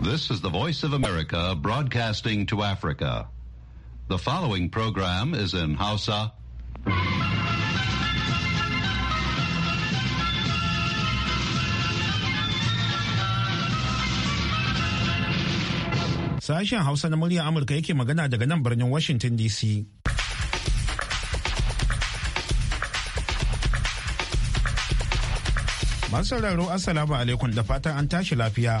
This is the Voice of America broadcasting to Africa. The following program is in Hausa. Sashen Hausa na murya Amurka yake magana daga nan birnin Washington DC. Masu sauraro Assalamu alaikum da fatan an tashi lafiya.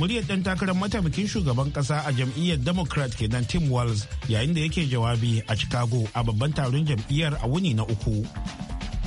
muryar ɗan takarar mataimakin shugaban ƙasa a jam'iyyar democrat kenan tim walz yayin da yake jawabi a chicago a babban taron jam'iyyar a wuni na uku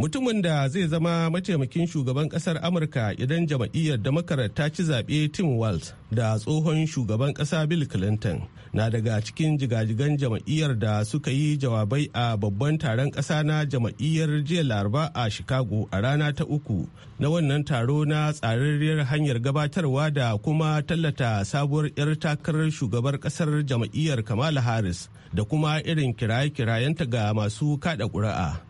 mutumin da zai zama mataimakin shugaban kasar amurka idan jama'iyyar democrat ta ci zaɓe tim walz da tsohon shugaban ƙasa bill clinton na daga cikin jigajigan jama'iyyar da suka yi jawabai a babban taron ƙasa na jama'iyyar jiya laraba a chicago a rana ta uku na wannan taro na tsararriyar hanyar gabatarwa da kuma tallata sabuwar 'yar takarar shugabar ƙasar jama'iyyar kamala harris da kuma irin kiraye-kirayenta ga masu kada ƙuri'a.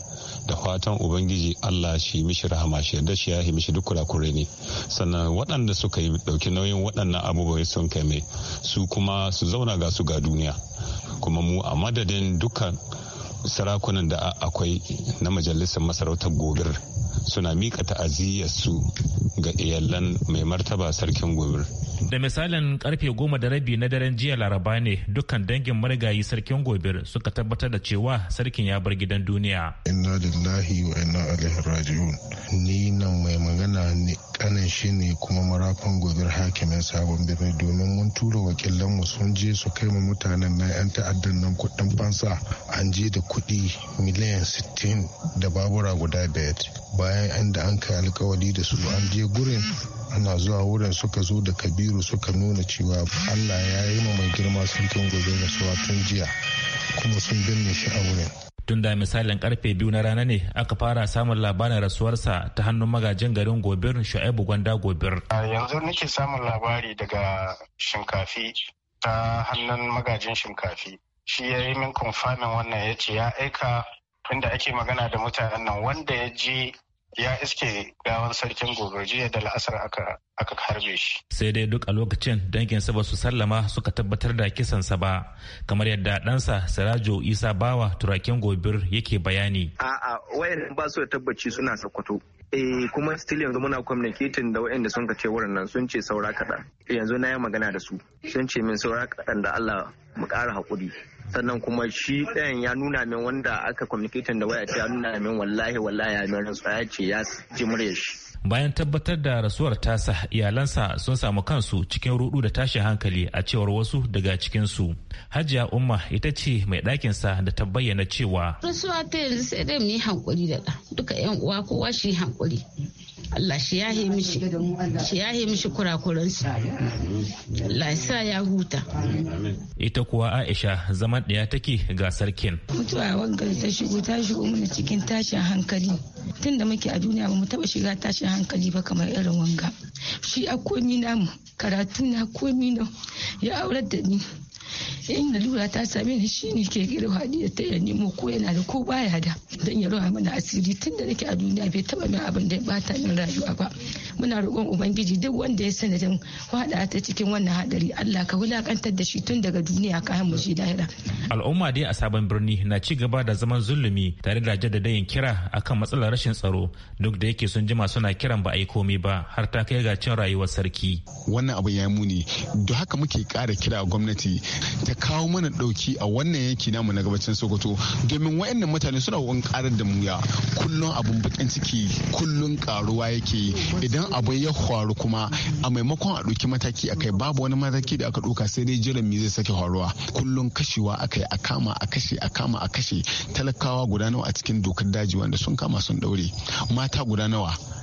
da fatan ubangiji allah shi mishi rahama shi yarda shi ya yi mishi duk kurakure ne sannan waɗanda suka yi ɗauki nauyin waɗannan abubuwa sun kai su kuma su zauna ga su ga duniya kuma mu a madadin dukkan sarakunan da akwai na majalisar masarautar gobir suna mika ta'aziyyar su ga iyalan mai martaba sarkin gobir da misalin karfe goma da rabi na daren jiya laraba ne dukkan dangin marigayi sarkin gobir suka tabbatar da cewa sarkin ya bar gidan duniya inna lillahi wa inna ilaihi raji'un ni nan mai magana ne kanin shi ne kuma marafan gobir hakimin sabon birni domin mun tura wakilan mu sun je su kai mu mutanen na yan ta'addan nan kudin fansa an je da kudi miliyan sittin da babura guda biyar bayan inda an kai alkawari da su an je gurin ana zuwa wurin suka zo da kabiru suka nuna cewa allah ya yi ma mai girma sulkin gobe na tun jiya kuma sun binne shi a wurin tun da misalin karfe biyu na rana ne aka fara samun labarin rasuwarsa ta hannun magajin garin gobir shu'aibu gwanda gobir yanzu nake samun labari daga shinkafi ta hannun magajin shinkafi shi ya yi min kumfamin wannan ya ce ya aika tunda ake magana da mutanen nan wanda ya je ya iske gawan sarkin gobe jiya da la'asar aka harbe shi. Sai dai duk a lokacin danginsa ba su sallama suka tabbatar da kisansa ba kamar yadda ɗansa Sirajo Isa Bawa turakin gobir yake bayani. A'a wayan ba su da tabbaci suna sakwato. Eh kuma still yanzu muna communicating da wayanda sun ka ce wurin nan sun ce saura kaɗan. Yanzu na yi magana da su. Sun ce min saura kaɗan da Allah mu ƙara hakuri. sannan kuma shi ɗayan ya nuna min wanda aka communicating da waya ya nuna min wallahi wallahi ya mai rantsuwa ya ce ya ji muryar shi bayan tabbatar da rasuwar tasa iyalansa sun samu kansu cikin rudu da tashin hankali a cewar wasu daga cikinsu hajiya umma ita ce mai ɗakin sa da ta bayyana cewa rasuwa ta yanzu sai dai mu yi hankuri da ɗa duka yan uwa kowa shi hankuri Allah shi yi mishi shi ya yi mishi kurakuransu Allah sa ya huta ita kuwa Aisha zaman ɗaya take ga sarkin mutuwa wanga ta shigo ta shigo mana cikin tashin hankali tun da muke a duniya ba mu taba shiga tashin hankali ba kamar irin wanga shi a komi namu karatu na komi na ya aurar da ni in lura ta same ni shi ne ke gida hadi da ta nemo ko yana da ko baya da dan ya rawa mana asiri tun da nake a duniya bai taba min abin da ya bata min rayuwa ba muna roƙon ubangiji duk wanda ya sanadin hada ta cikin wannan hadari Allah ka wulakantar da shi tun daga duniya kayan mu shi dahira al'umma dai a sabon birni na ci gaba da zaman zulumi tare da jaddadayin kira akan matsalar rashin tsaro duk da yake sun jima suna kiran ba a yi komai ba har ta kai ga cin rayuwar sarki wannan abu ya muni da haka muke kara kira gwamnati ta kawo mana ɗauki a wannan yanki namu na gabacin Sokoto domin wa'annan mutane suna wani karar da mu ya kullun abun bakin ciki kullun karuwa yake idan idan abu ya faru kuma a maimakon a ɗauki mataki a kai babu wani mataki da aka ɗauka sai dai jiran me zai sake faruwa kullum kashewa a kai a kama a kashe a kama a kashe talakawa guda nawa a cikin dokar daji wanda sun kama sun ɗaure mata guda nawa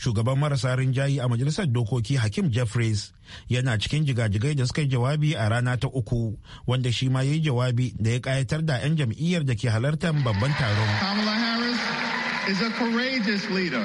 shugaban marasa rinjayi a majalisar dokoki hakim jeffries yana cikin jigajigai da suka yi jawabi a rana ta uku wanda shi ma ya yi jawabi da ya kayatar da 'yan jam'iyyar da ke halartar babban taron. Kamala Harris is a courageous leader.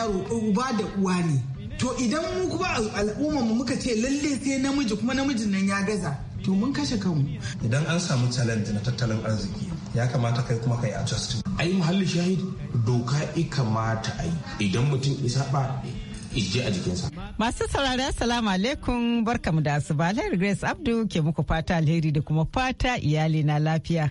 yaro uba da uwa ne to idan mu kuma al'umma mu muka ce lalle sai namiji kuma namijin nan ya gaza to mun kashe kanmu idan an samu challenge na tattalin arziki ya kamata kai kuma kai adjusting ai muhalli shahid doka i kamata ai idan mutum isa ba ije a jikinsa. Masu saurari assalamu alaikum barkamu da asuba Alheri Grace Abdu ke muku fata alheri da kuma fata iyali na lafiya.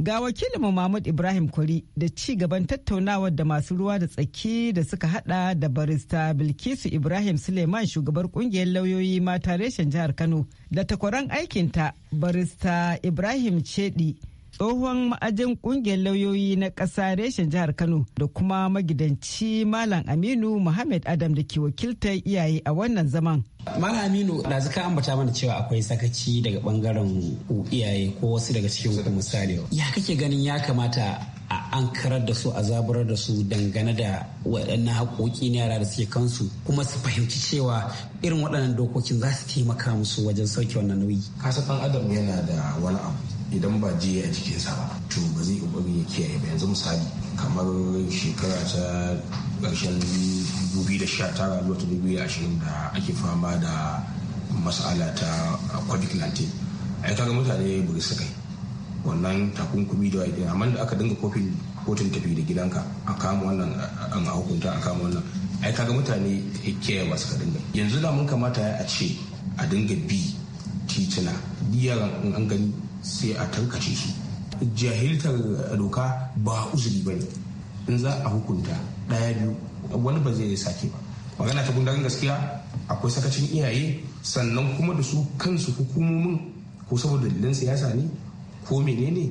Ga wakilin Mahmud Ibrahim Kuri da ci gaban tattaunawar da masu ruwa da tsaki da suka hada da barista Bilkisu Ibrahim Suleiman shugabar kungiyar lauyoyi mata reshen jihar Kano da takwaran aikinta barista Ibrahim Chedi tsohon ma'ajin kungiyar lauyoyi na ƙasa reshen jihar kano da kuma magidanci malam aminu muhammad adam da ke wakiltar iyaye a wannan zaman malam aminu da zaka ambata mana cewa akwai sakaci daga bangaren iyaye ko wasu daga cikin ku misali ya kake ganin ya kamata a an karar da su a zaburar da su dangane da waɗannan haƙoƙi na yara da suke kansu kuma su fahimci cewa irin waɗannan dokokin za su taimaka musu wajen sauke wannan nauyi. kasafan adam yana da wani abu idan ba jiya a jikinsa ba to ba zai kokari ya kiyaye ba yanzu misali kamar shekara ta ƙarshen 2019 zuwa 2020 da ake fama da mas'ala ta covid-19 ai kaga mutane ba su kai wannan takunkumi da wa'idin amma da aka dinga kofin kotun tafi da gidanka a kama wannan an a hukunta a kama wannan ai kaga mutane kiyaye ba su ka dinga yanzu da mun kamata a ce a dinga bi titina diyar an gani sai a tankace shi jahiltar doka ba uzuri ba ne in za a hukunta ɗaya biyu wani ba zai sake ba magana ta gundarin gaskiya akwai sakacin iyaye sannan kuma da su kansu hukumomin ko saboda dalilin siyasa ne ko menene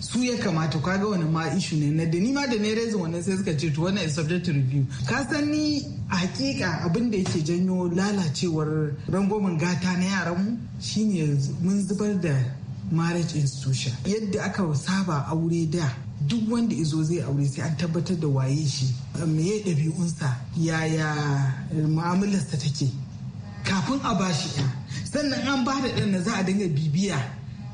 su ya kamata kaga wani ma ishu ne na da ni ma da ne reza wannan sai suka ce to wannan is subject review ka san ni hakika abin da yake janyo lalacewar rangwamen gata na yaran mu shine mun zubar da marriage institution yadda aka saba aure da duk wanda izo zai aure sai an tabbatar da waye shi Me meye ɗabi'unsa yaya mu'amalarsa take kafin a bashi ɗan sannan an ba da ɗan na za a dinga bibiya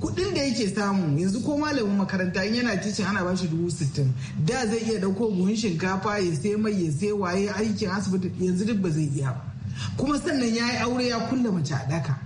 kuɗin da yake samu yanzu ko malamin makaranta in yana ticin ana ba shi dubu sittin da zai iya dauko buhun shinkafa ya sai mai ya sai waye aikin asibiti yanzu duk ba zai iya kuma sannan ya yi aure ya kulle mace a daka.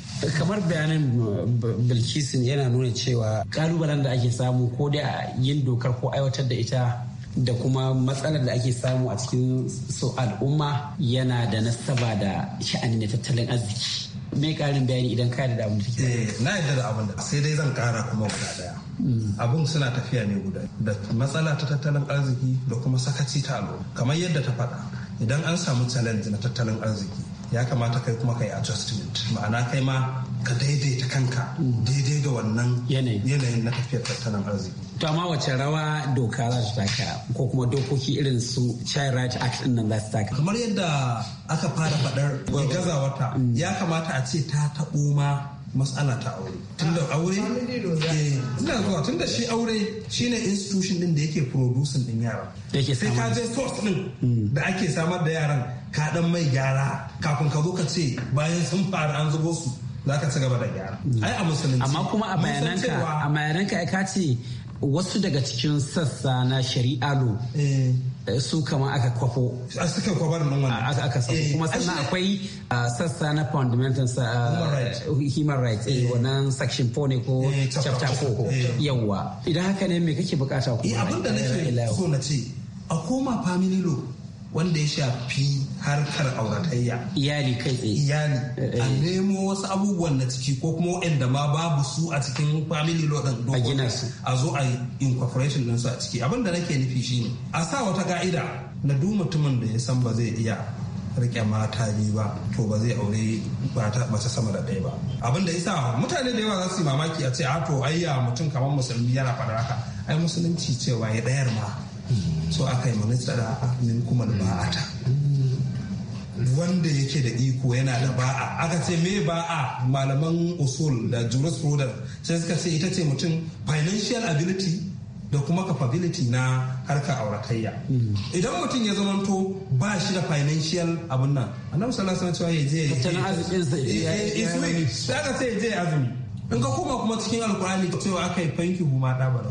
kamar bayanin eh, bilkisin yana nuna cewa kalubalen da ake samu ko da yin dokar ko aiwatar da ita da kuma matsalar da ake samu a cikin su al'umma yana da nasaba da sha'anin tattalin arziki me karin bayani idan ka da damu take eh, na yadda da abin da sai dai zan kara kuma guda daya mm. abun suna tafiya ne guda da matsala ta tattalin arziki da kuma sakaci ta al'umma kamar yadda ta faɗa idan an samu challenge na tattalin arziki ya kamata kai kuma kai adjustment ma'ana kai ma ka daidaita kanka daidai da wannan yanayin na tafiyar tattalin arziki to amma wace rawa doka za su taka ko kuma dokoki irin su child right act din nan za su taka kamar yadda aka fara faɗar wata mm. ya kamata a ce ta taɓo ma matsala ta aure tunda ah, aure eh, ina zuwa tunda shi aure shine institution din da yake producing din yara sai ka je source din mm. da ake samar da yaran ka dan mai gyara kafin ka zo ka ce bayan sun fara an zubo su za ka ci gaba da gyara ai a musulunci amma kuma a bayananka a bayananka ka ce wasu daga cikin sassa na shari'a lo eh. su kama aka kwafo a suka kwabar nan wannan aka sako kuma eh. sannan akwai ah, sassa na fundamental ah, human rights eh, wannan section 4 ne ko chapter 4 yawa idan haka ne me kake bukata ku abin da nake so na ce a koma family law wanda ya shafi harkar auratayya iyali kai tsaye iyali eh, a eh. nemo wasu abubuwan na ciki ko kuma waɗanda ma babu su a cikin family law din a gina a zo a incorporation din su a ciki abinda nake nufi shine a sa wata ka'ida na duk mutumin da ya san ba zai iya rike mata biyu ba to ba zai aure mace sama da ɗaya ba abin da yasa mutane da yawa za su yi mamaki a ce a to ayya mutum kamar musulmi yana faɗa haka ai musulunci cewa ya ɗayar ma so aka yi manistara min kuma ba'ata wanda yake da iko yana da ba'a aka ce me ba'a malaman usul da jurisprudence sai suka ce ita ce mutum financial ability da kuma capability na harkar auratayya idan mutum ya zamanto ba shi da financial abin nan annabi sallallahu alaihi wasallam ya je tattalin arzikin sa eh, eh, eh, Sai aka ce ya je azumi in ka koma kuma cikin alkurani cewa aka yi fanki huma da bara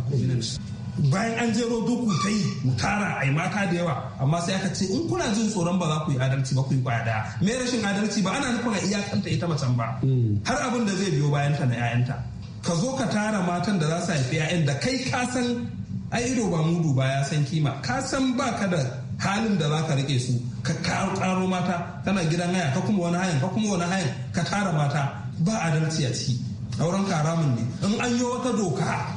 bayan an jero duk ta yi mu tara a yi mata da yawa amma sai aka ce in kuna jin tsoron ba za ku yi adalci ba ku yi kwaya daya me rashin adalci ba ana nufin a iyakanta ita macen ba hmm. har abin da zai biyo bayan ta na 'ya'yanta ka zo ka tara matan da za su haifi 'ya'yan da kai ka san ai ido ba mudu ba ya san kima ka san ba ka da halin da za ka rike su ka karo mata tana gidan haya ka kuma wani hayan ka kuma wani hayan ka tara mata ba adalci a ciki auren karamin ne in an yi wata doka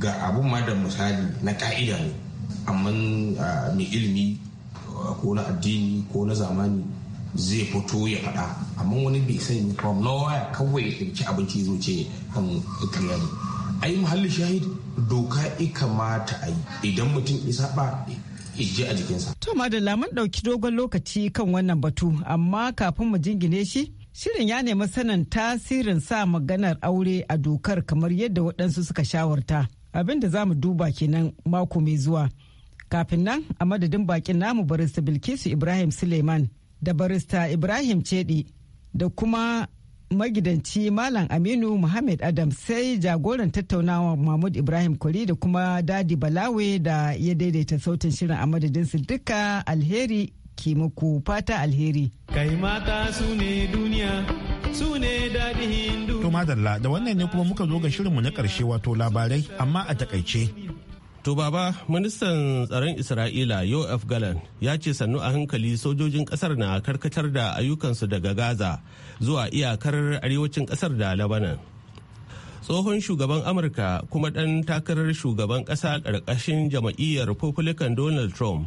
ga abun ma da misali na ka'ida ne amma mai ilimi ko na addini ko na zamani zai fito ya faɗa amma wani bai sani from nowhere kawai ya ɗauki abinci zo ce kan kariya ne ai muhalli shahid doka ika mata a yi idan mutum isa ba ije a jikinsa. to madalla mun ɗauki dogon lokaci kan wannan batu amma kafin mu jingine shi Shirin ya nemi sanin tasirin sa maganar aure a dokar kamar yadda waɗansu suka shawarta. Abin da za mu duba kenan mako mai zuwa. Kafin nan a madadin bakin namu barista Bilkisu Ibrahim Suleiman da barista Ibrahim Cedi da kuma magidanci Malam Aminu Muhammad Adam sai jagoran tattaunawa Mahmud Ibrahim Kuri da kuma Dadi Balawe da ya daidaita sautin shirin a madadinsu duka alheri ke muku fata alheri. kai mata su ne duniya su ne daɗin Hindu. To madalla da wannan ne kuma muka zo ga shirinmu na ƙarshe wato labarai amma a takaice. To baba, ministan tsaron Isra'ila Yoav Galan ya ce sannu a hankali sojojin kasar na karkatar da ayyukansu daga Gaza zuwa iyakar arewacin kasar da Lebanon. Tsohon shugaban Amurka kuma ɗan takarar shugaban ƙasa ƙarƙashin jama'iyyar Republican Donald Trump